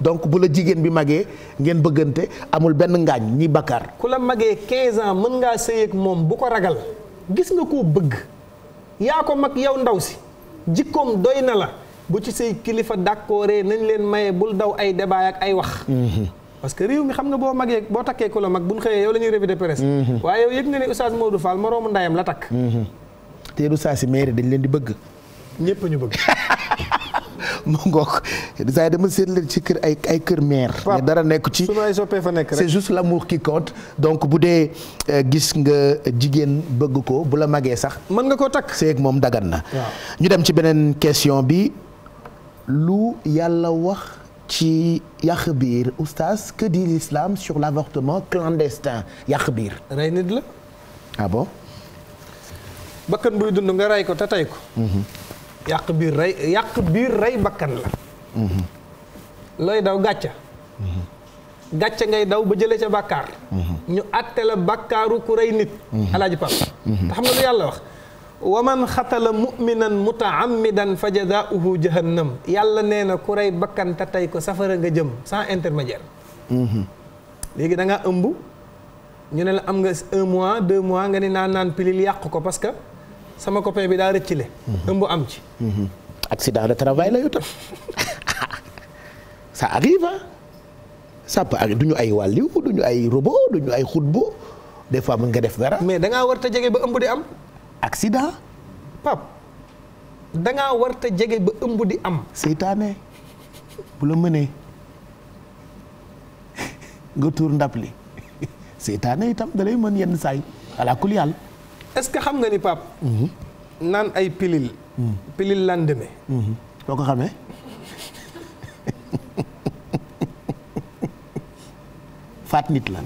donc bu la jigéen bi magee ngeen bëggante amul benn ngaañ ñi bakkaar ku la magee quinze ans mën ngaa sëy ak moom bu ko ragal gis nga koo bëgg yaa ko mag yow ndaw si jikkoom doy na la bu ci say kilifa dàkkooree nañ leen maye bul daw ay débat ak ay wax mhm. parce que réew mi xam nga boo magee boo takkee ku la mag buñ xëyee yow la ñuy revue de presse mhm. waaye yow yëg nga ne Oustaz Modou Fall moroomu ndayam la takk mhm. te du saa si mairie dañ leen di bëgg ñëpp ñu mu ngoog saa dama seet leen ci kër ay ay kër meer. mais dara nekk ci c'est juste l'amour qui compte donc bu dee euh, gis nga jigéen bëgg ko bu la magee sax. mën nga koo takk seeg moom dagan na. ñu dem ci beneen question bi lu yàlla wax ci yàq biir oustaz que dit l'islam sur l'avortement clandestin yàq biir. rey nit la. ah bon. bakkan buy dund nga rey ko te tey ko. Mm-hmm. yàq biir rey yàq biir rey bakkan la mm-hmm. looy daw gàcca mm-hmm. gàcca ngay daw ba jëlee ca bàkkaar mm-hmm. ñu àtte la bàkkaaru ku rey nit alaaji pap te xam nga lu yàlla wax wa man xatala muminan mutaamidan fa jazauhu jahannam yàlla nee na ku rey bakkan te tey ko safara nga jëm sans intermédiaire léegi da ëmb ñu ne la am nga un mois deux mois nga ni naan naan pilil yàq ko parce sama copain bi daa rëccile. Mhm. ëmb am ci. Mhm. accident de travail la yu tam ça arrive ah. ça peut du ñu ay wàlliw du ñu ay robot du ñu ay xutbo des fois mën nga def dara. mais da ngaa war ta jege ba ëmb di am. accident. pap da ngaa jege ba ëmb di am. seytaane bu la mënee nga tuur ndab li seytaane itam da mën yenn saay ala kulli yàlla. est-ce que xam nga ni Pape. Mm-hmm. naan ay pilil. Mm-hmm. pilil lendemain. boo mm-hmm. ko xamee. faat nit la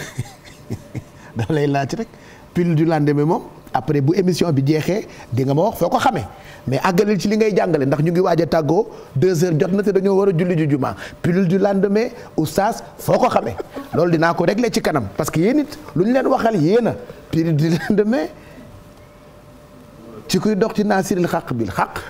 dama lay laaj rek pilil du laan lendemain moom après bu émission bi jeexee di nga ma wax foo ko xamee. mais àggalil ci li ngay jàngale ndax ñu ngi waaj a tàggoo deux heures jot na te dañoo war a julli ju jumaa pilule du lendemain sas foo ko xamee loolu dinaa ko régler ci kanam parce que yéen it lu ñu leen waxal yéen a pilule du lendemain ci kuy dox ci naasiril xaq bil xaq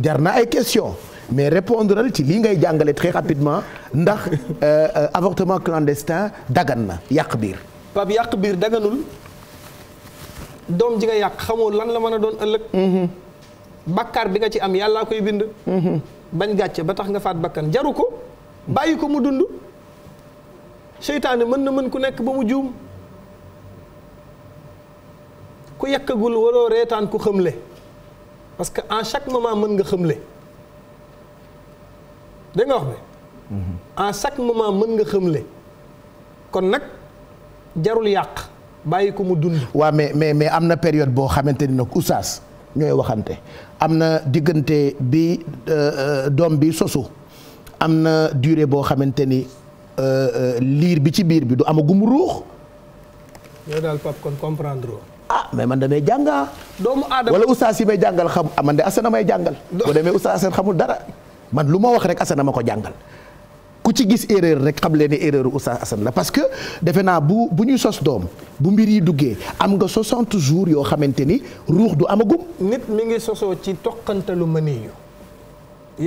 jar na ay question mais répondre ci lii ngay jàngale très rapidement ndax euh, euh, avortement clandestin dagan na yàq biir pap yàq biir daganul doom ji yàq xamoo lan la mën a doon ëllëg mm-hmm. bakkaar bi nga ci am yàllaa koy bind. Mhm. bañ gàcce ba tax nga faat bakkan jaru ko bàyyi ko mu dund. seytaane mën na mën ku nekk ba mu juum ku yàkkagul waroo reetaan ku xëmle parce que en chaque moment mën nga xëmle da nga wax bi mhm. en chaque moment mën nga xëmle kon nag jarul yàq bàyyi ko mu dund. waa mais mais mais am na période boo xamante ni nag oustaz. ñooy waxante am na diggante bi euh, euh, doom bi sosu am na dure boo xamante ni euh, liir bi ci biir bi du amagum ruux. yow kon comprendre ah mais man damay jàngaa. doomu aadama wala ustaas yi may jàngal xam amande ah, de asana may jàngal. boo demee ustaas xamul dara man lu ma wax rek asana ma ko jàngal. bu ci gis erreur rek xam leen ne erreur Oustaz Assane la parce que defe naa bu bu ñuy sos doom bu mbir yi duggee am nga 60 jours yoo xamante ni ruux du amagum. nit mu ngi sosoo ci toqantalu maniyu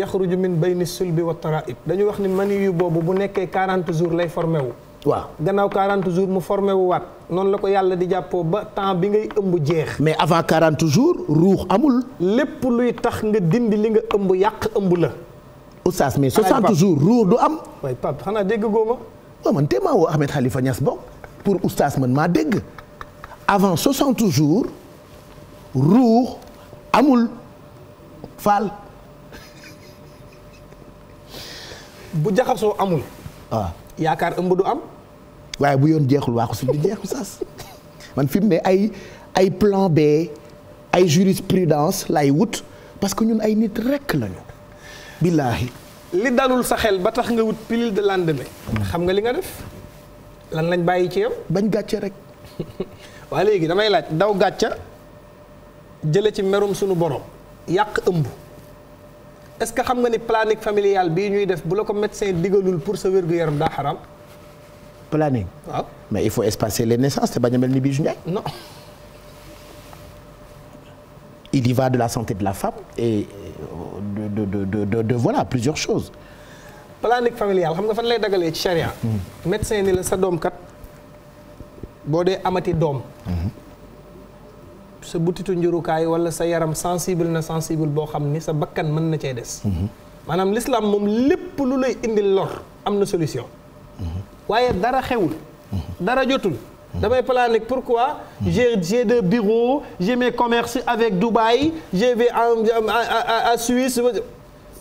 yaxruju min bayni sulbi wa taraib dañu wax ni maniyu boobu bu nekkee 40 jour lay formé wu. waaw gannaaw 40 jours mu formé wu waat noonu la ko yàlla di jàppoo ba temps bi ngay ëmb jeex. mais avant quarante jours ruux amul. lépp luy tax nga dindi li nga ëmb yàq ëmb la. oustaz mais 60 jours ruur du am. waay Pape xanaa dégg góoba. waaw oh, man téemaa woo Ahmed Khalifa Niass bokk pour oustaz man maa dégg avant 60 jours ruur amul faal. bu jaxasoo amul. waaw ah. yaakaar ëmb du am. waaye bu yoon jeexul waa ko si du saas man fi mu ne ay ay plan B ay jurisprudence lay wut parce que ñun ay nit rekk lañu. billaahi li dalul sa xel ba tax nga wut pilule de lendemain xam nga li nga def lan lañ bàyyi ci yow. bañ gàcce rek. waa léegi damay laaj daw gàcca jële ci merum sunu borom. yàq ëmb. est-ce que xam nga ni planning familial bi ñuy def bu la ko médecin digalul pour sa wér-gu-yaram daa xaram. planning. waaw mais il faut espacer les naissances te bañ a mel ni Bijou Ndiaye. non. il y va de la santé de la femme de de de de de voilà plusieurs choses. planning familial xam nga fan lay dagalee ci charia. Hmm. médecin ni la sa doom kat boo dee amati doom. Hmm. sa butitu njurukaay wala sa yaram sensible na sensible boo xam ni sa bakkan mën na cee des. Hmm. maanaam l'islam moom lépp lu lay indil lor am na solution. waaye dara xewul. dara jotul. damay plané pourquoi. j'ai j'ai des bureaux j'ai commerce commerces avec Dubaï je vais à à Suisse.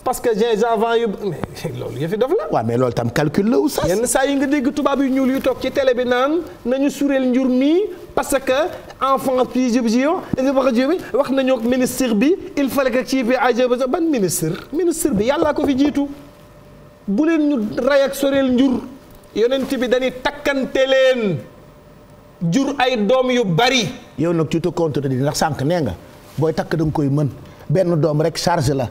parce que j'ai avant yu mais loolu yëfi def la. waa mais loolu tam calcul la oustaz. yenn saa yi nga dégg tubaab yu ñuul yu toog ci télé bi naan nañu sureel njur mi parce que enfant bi jub ji wax nañu ak ministre bi il fallait que ci bi àjjee ba ban ministre. ministre bi yàllaa ko fi jiitu bu leen ñu rey ak soreel njur yonent bi dañuy takkante leen. jur ay doom yu bari. yow nag tu te contredis ndax sànq nee nga booy takk da nga koy mën benn doom rek charge la.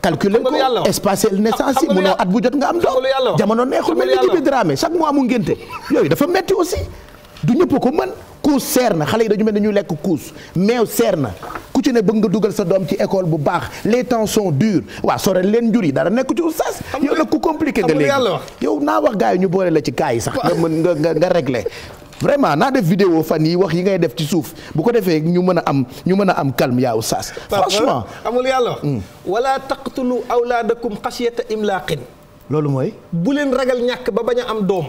calculer ko espacer naissance mu munoo at bu jot nga am doom jamono neexul mel ni bi dramé chaque mois mu ngénte yooyu dafa metti aussi du ñëpp ko mën kuus seer na xale yi dañu mel ne ñu lekk kuus meew seer na ku ci ne bëgg nga dugal sa doom ci école bu baax les temps sont durs waaw sore leen njur yi dara nekku ci oustaz yow nag ku compliqué nga léegi yow naa wax gars yi boole la ci cas yi sax nga mën nga nga réglé vraiment naa def vidéo fan yi wax yi ngay def ci suuf bu ko defee ñu mën a am ñu mën a am calme yaa oustaz franchement amul yàlla hmm. wala taqtulu awlaadakum xasiyata imlaaqin loolu mooy bu leen ragal ñàkk ba bañ a am doom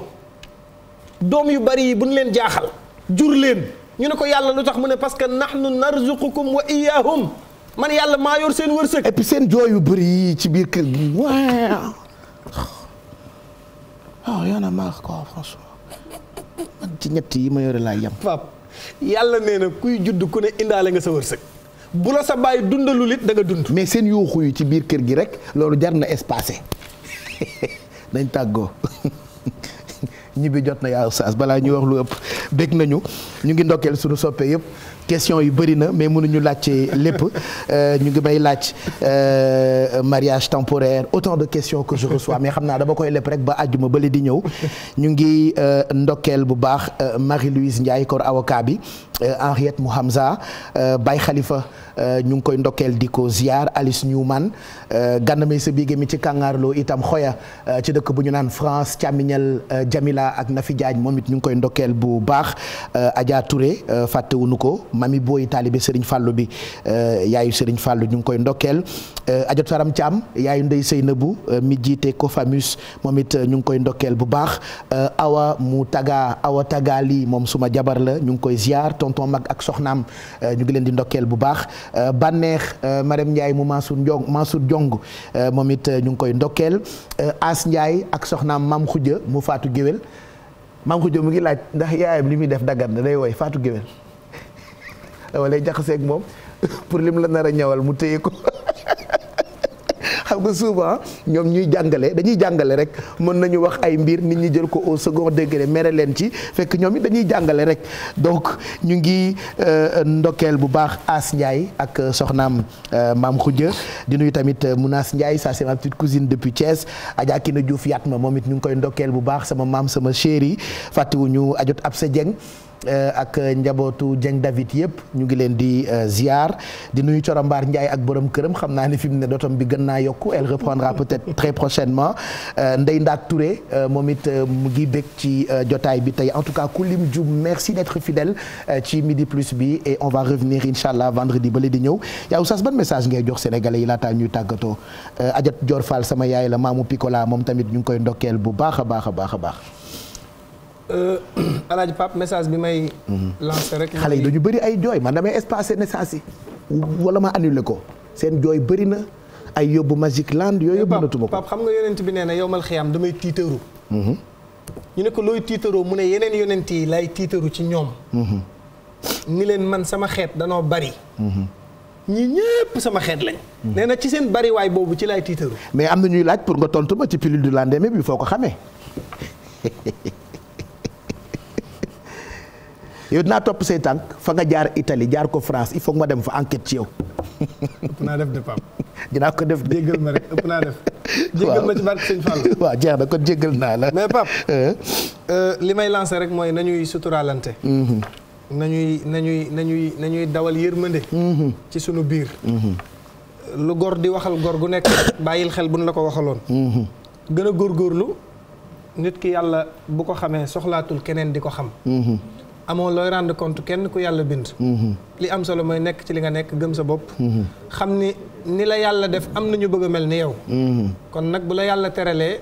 doom yu bari yi bu ñu leen jaaxal jur leen ñu ne ko yàlla lu tax mu ne parce que nahnu narzuqukum wa iyyahum man yàlla maa yor seen wërsëg. et puis seen jooy yu bëri yi ci biir kër gi waaw waaw oh, y'en a marre ci ñett yi ma yore laa yem. Pape yàlla nee na kuy judd ku ne indaale nga sa wërsëg. bu la sa bàyyi dundalul it danga nga dund. mais seen yuuxu yi ci biir kër gi rek loolu jar na espacé dañ tàggoo ñibbi jot na yaa oustaz balaa ñuy wax lu ëpp dégg nañu ñu ngi ndokkeel suñu soppee yëpp. question yu bëri na mais mënuñu laajte lépp euh, ñu ngi may laaj euh, mariage temporaire autant de question que je reçois mais xam naa dama koy lépp rek ba àjjuma bële di ñëw ñu ngi euh, ndokkeel bu baax Marie-Louise Ndiaye corps avocat bi Henriette Mouhamza Baye Khalifa ñu ngi koy ndokkeel di ko ziar Alice Newman Gana Messere Bigué mi ci kàngaarloo itam xoya ci dëkk bu ñu naan France càmmiñal Jamila ak Nafi Diagne moom it ñu ngi koy ndokkeel bu baax ajaature Touré fàttewuñu ko mami booy taalibe Serigne Fallou bi euh, yaayu Serigne Fallou ñu ngi koy ndokkeel euh, Adjot Faram Thiam yaayu ndey Ndeye Seynabou euh, mi jiite Cofamus moom it ñu ngi koy ndokkeel bu baax Awa mu taga Awa taga moom suma jabar la ñu ngi koy ziar tonton mag ak soxnaam ñu leen di ndokkeel bu baax bànneex Marème Ndiaye mu Mansour Ndiong Mansour Ndiong moom it ñu ngi koy ndokkeel As Ndiaye ak soxnaam Mam Khoudia mu faatu géwél Mam Khoudia mu ngi laaj ndax yaayam li muy def daggan da day woy faatu géwél walay jaxaseeg moom pour lim la nar a ñawal mu téye ko xam nga souvent ñoom ñuy jàngale dañuy jàngale rek mën nañu wax ay mbir nit ñi jël ko au second degré mere leen ci fekk ñoom it dañuy jàngale rek donc ñu ngi euh, ndokkeel bu baax As Ndiaye ak euh, soxnaam euh, maam Khoudia di nuyu tamit Mounas Ndiaye ça c'est ma petite cousine depuis Thiès Adja Kina Diouf yaat ma moom it ñu ngi koy ndokkeel bu baax sama maam sama chéri fàttewuñu ajot ab sa jeng Euh, ak njabootu Dieng David yëpp ñu ngi leen di euh, ziar di nuyu Corombaar Ndiaye ak borom këram xam naa ni fi mu ne dootam bi gën naa yokk elle reprendra peut-être très prochainement euh, Ndeye Ndaat Touré moom it mu ngi bég ci jotaay bi tey en tout cas Koulim Dioum merci d'être fidèle ci Midi Plus bi et on va revenir incha allah vendredi bële di ñëw yaa oustaz ban message ngay jox sénégalais yi laataa ñuy tàggatoo Adja Dior faal sama yaay la maamu Picola moom tamit ñu ngi koy ndokkeel bu baax a baax a baax a baax. Euh, Alaaji Pape message bi may. lancé rek. xale yi dañu bëri ay jooy man damay espacé naissance yi. wala ma annulé ko seen jooy bëri na ay yóbbu Magic Land yooyu mënatuma ko. Pape xam nga yonent bi nee na yow mal xiyaam damay tiitaru. Mhm. ñu ne ko looy tiitaroo mu ne yeneen yonent yi lay tiitaru ci ñoom. Mhm. ni leen man sama xeet danoo bari. Mhm. ñii ñëpp sama xeet lañ. nee na ci seen bariwaay boobu ci lay tiitaru. mais am na ñuy laaj pour nga tontu ma ci pilule du lendemain bi foo ko xamee. yow naa topp say tànk fa nga jaar Italie jaar ko France il faut que ma dem fa enquête ci yow. ëpp naa def de Pape. dinaa ko def de jéggal ma rek ëpp naa def. jéggal ma ci barke Sëñ Fall. waaw jeex na kon jéggal naa la. mais Pape. Euh. Euh, li may lancer rek mooy nañuy suturaalante. Mm-hmm. na ñuy na ñuy dawal yërmande. Mm-hmm. ci suñu biir. Mm-hmm. lu gor di waxal gor gu nekk bàyyil xel buñ la ko waxaloon. gën a góorgóorlu nit ki yàlla bu ko xamee soxlaatul keneen di ko xam. amoo looy rendre compte kenn ku yàlla bind mhm. li am solo mooy nekk ci li nga nekk gëm sa bopp mhm. xam ni ni la yàlla def am na ñu bëgg a mel ni yow mhm. kon nag bu la yàlla teralee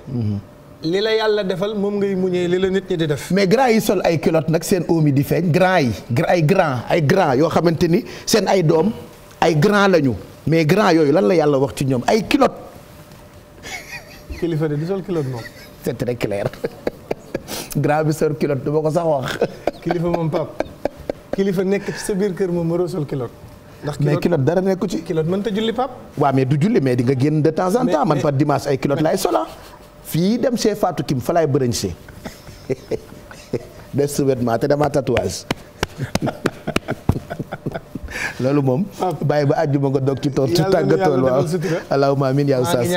li la yàlla defal moom ngay muñee li la nit ñi di def mais grand yi sol ay culotte nag seen oom yi di feeñ grand yi ay grand ay grand yoo xamante ni seen ay doom ay grand lañu mais grand yooyu lan la yàlla wax ci ñoom ay culotte kilifa de di sol culotte moom c'est très clair grand bi sër kilote du ma ko sax wax. kilifa moom pap kilifa nekk ci sa biir kër moom mu roosul kilote. ndax mais kilote dara nekku ci. kilote mën ta julli pap waaw mais di nga génn de temps en temps man par dimanche ay kilote laay sola fii dem see Fatou Kim fa bërëñ see des sous-vêtements te dama tatouage. loolu moom. bàyyi ba àjjuma nga dog ci tool. waaw allahumma amiin yaa ustaas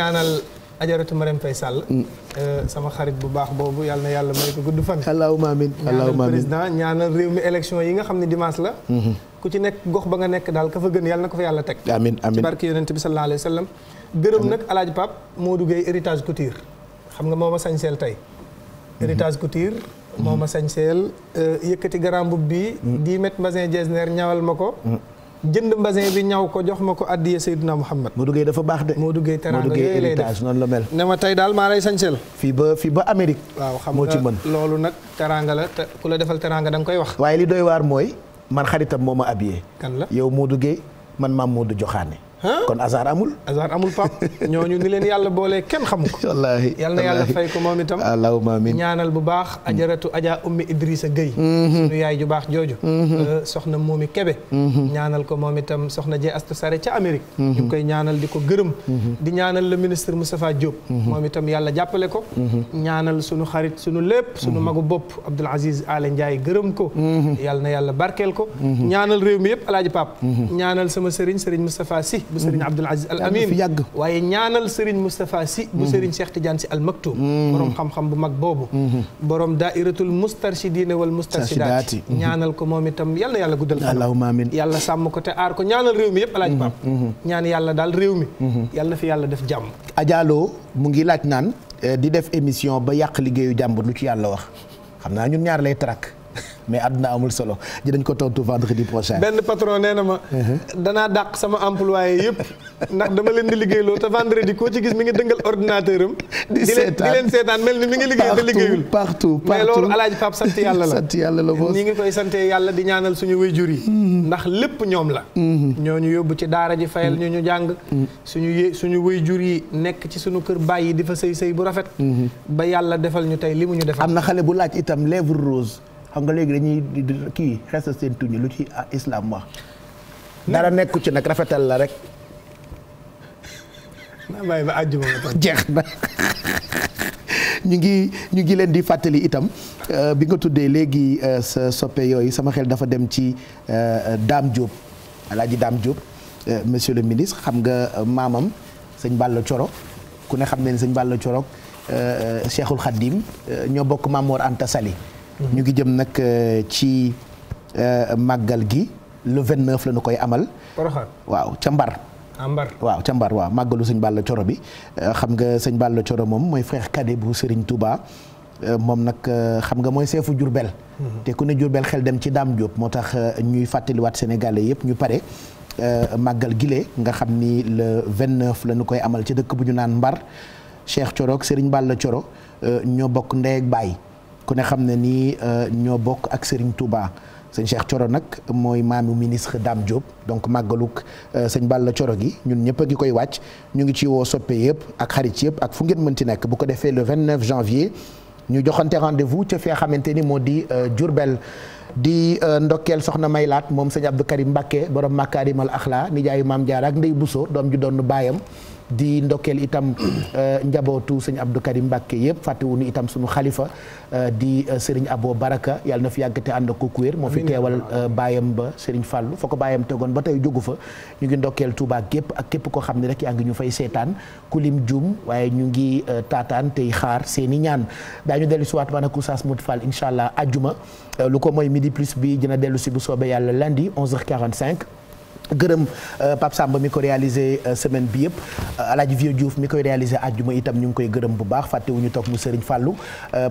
ajaratu Marème Faye Sall. Mm. Euh, sama xarit bu baax boobu yàlla na yàlla may ko gudd fan. allahumma amiin allahumma amiin président ñaanal réew mi élection yi nga xam ne dimanche la. Mm-hmm. ku ci nekk gox ba nga nekk daal ka fa gën yàlla na ko fa yàlla teg. amiin amiin ci barke yonent bi sallallahu alayhi wa sallam. gërëm nag El Hadj Pape Modou Gueye héritage couture xam nga moo ma sañseel tey. Mm-hmm. héritage couture. moo mm-hmm. ma sañseel euh, yëkkati garambu bi. 10 mètres basin Jesner ñawal ma ko. jënd mbasin bi ñaw ko jox ma ko addiya Seydina Muhammad Modou Gueye dafa baax de Modou Gueye teraanga yooyu lay def noonu la mel ne ma tey daal maa lay sañsel fii ba fii ba Amérique waaw xam moo ci mën loolu nag teraanga la te ku la defal teraanga da nga koy wax waaye li doy waar mooy man xaritam moo ma abiyee kan la yow Modou Gueye man maam moo Modou Joxaane kon hasard amul. hasard amul Pape ñooñu ni leen yàlla boolee kenn xamu ko. wallaahi yàlla na yàlla fay ko moom itam. allahumma ñaanal bu baax. Mm. ajaratu Adja Ummi Idrissa Gueye. Mm-hmm. suñu yaay ju baax jooju. Mm-hmm. Euh, soxna Momi Kebe. Mm-hmm. ñaanal ko moom itam soxna Jee Astu Sare ca Amérique. ñu koy ñaanal di ko gërëm. di ñaanal le ministre Moustapha Diop. moom itam yàlla jàppale ko. ñaanal suñu xarit suñu lépp suñu magu bopp Abdoul Aziz Aly Ndiaye gërëm ko. yàlla na yàlla barkeel ko. ñaanal réew mi yëpp El Hadj Pape. bu Serigne mm-hmm. Abdoul Aziz Al Amin yàgg waaye ñaanal Serigne Moustapha Sy bu mm-hmm. Serigne Cheikh Tidiane Sy Al Maktoum mm-hmm. borom xam-xam bu mag boobu borom daairatul moustarchidine wal moustarchidaati ñaanal ko moom itam yal yàlla guddal fan allahumma amin yàlla sàmm ko te aar ko ñaanal réew mi yëpp alaaj pap ñaan yàlla daal réew mi yàlla fi yàlla def jàmm ajaaloo mu ngi laaj naan eh, di def émission ba yàq liggéeyu jàmbur lu ci yàlla wax xam naa ñun ñaar lay trak mais àdduna amul solo ji dañ ko tontu vendredi prochain. benn patron nee na ma. Mhm. danaa dàq sama employé yëpp ndax dama leen di liggéeyloo te vendredi koo ci gis mu ngi dëngal ordinateur am. di leen seetaan mel ni mi ngi liggéey te liggéeyul partout loolu alaaj Pape sant yàlla la sant yàlla la boos ñi ngi koy sante yàlla di ñaanal suñu way waajur yi. Mhm. ndax lépp ñoom la. Mhm. ñoo ñu yóbbu ci daara ji fayal ñu ñu jàng. suñu yé jur yi nekk ci suñu kër bàyyi di fa sëy sëy bu rafet. ba yàlla defal ñu tey li mu ñu defal. am na xale bu laaj itam lèvre rose xam nga léegi dañuy kii xeesal seen tuñu lu ci ah, islam wax dara nekku ci nag rafetal la rek naa bàyyi ba àjjuma jeex ñu ngi ñu ngi leen di fàttali itam euh, bi nga tuddee léegi euh, sa soppe yooyu sama xel dafa dem ci euh, Dame Diop Alaaji Dame Diop monsieur le ministre xam nga maamam sëñ Balla Coro ku ne xam ne sëñ Balla Coro Cheikhul Khadim ñoo bokk Mamoor Anta Sali ñu ngi jëm nag euh, ci euh, màggal gi le 29 la ñu koy amal. waaw ca Mbar. waaw ca Mbar màggalu sëñ Balla Coro bi euh, xam nga sëñ Balla Coro moom mooy frère cadet bu Serigne Touba moom nag xam nga mooy seefu Jurbel mhm. te ku ne Jurbel xel dem ci daam Diop moo tax ñuy fàttaliwaat Sénégalais yëpp ñu pare màggal gile nga xam ni le 29 la ñu koy amal ci dëkk bu ñu naan Mbar Cheikh Coro ak Serigne Balla Coro ñoo bokk ndey ak baay ku ne xam ne nii euh, ñoo bokk ak Serigne Touba sëñ Cheikh Thioro nag mooy maamu ministre Dame Diop donc màggaluk euh, sëñ Balla Thioro gi ñun ñëpp a ngi koy wàcc ñu ngi ci woo soppe yëpp ak xarit yëpp ak fu ngeen mënti nekk bu ko defee le 29 janvier ñu joxante rendez-vous ca fi nga xamante ni moo di euh, Diourbel di ndokkeel soxna may laat moom sëñ Abdou Karim Mbacké borom Makarimal Akhla nijaayu maam Diarra ak Ndey buso doom ju doon baayam di ndokkeel itam euh, njabootu sëñ Abdou Karim Mbàkke yëpp fàttewuñu itam suñu xalifa euh, di euh, sëriñ Abo Baraka yàlla na fi yàgg te ànd ak ko kuwér moo fi teewal baayam ba sëriñ Fàllu foo ko baayam tegoon ba tey jógu fa ñu ngi ndokkeel Touba gépp ak képp koo xam ne rek yaa ngi ñu fay seetaan ku lim jum waaye ñu ngi taataan tey xaar seeni ñaan daañu dellu si waat man ak Oustaz Modou Fall incha allah ajjuma lu ko mooy midi plus bi dina dellu si bu soobee yàlla lundi 11h45 gërëm euh, Pape Samba mi ko réaliser euh, semaine bi yëpp euh, Alaaji Vieux Diouf mi koy réalisé àjjuma itam ñu ngi koy gërëm bu baax fàttewuñu toog mu Serigne Fallou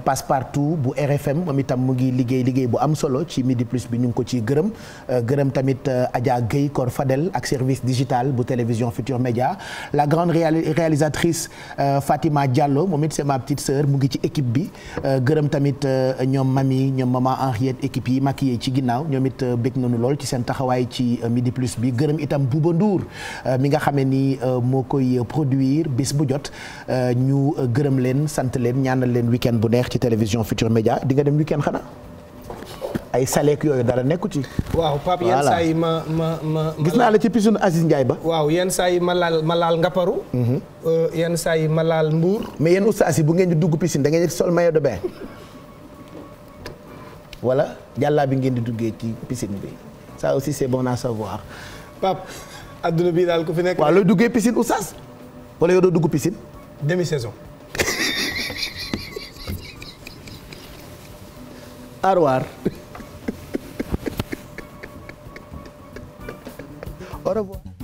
passe partout bu RFM moom itam mu ngi liggéey liggéey bu am solo ci midi plus bi ñu ngi ko ciy gërëm gërëm tamit Adja Guèye Fadel ak service digital bu télévision Futur Média la grande réalisatrice Fatima Diallo moom it c'est ma petite sœur mu ngi ci équipe bi gërëm tamit ñoom mami ñoom maman Henriette équipe yi maquillé ci ginnaaw ñoom it bég nañu lool ci seen taxawaay ci midi bi bi gërëm itam ba Ndour euh, mi nga xamee ni euh, moo koy produire bis bu jot euh, ñu gërëm leen sant leen ñaanal leen week-end bu neex ci television Futur Média di nga dem week-end xanaa ay saleek yooyu dara nekku ci. waaw Pape yenn saa ma ma ma. gis naa la ci piscine waaw yenn saa yi ma laal ma laal Ngaparu. Mhm. yenn saa yi ma laal Mbour. mais yéen ustaas yi bu ngeen di dugg piscine da ngeen di sol maillot de bain wala jàllaa bi ngeen di duggee ci piscine bi ça aussi c'est bon à savoir. Pape adduna bii daal ku fi nekk. waaw looy duggee piscine oustaz wala yow doo dugg piscine. demi saison. arwaar. au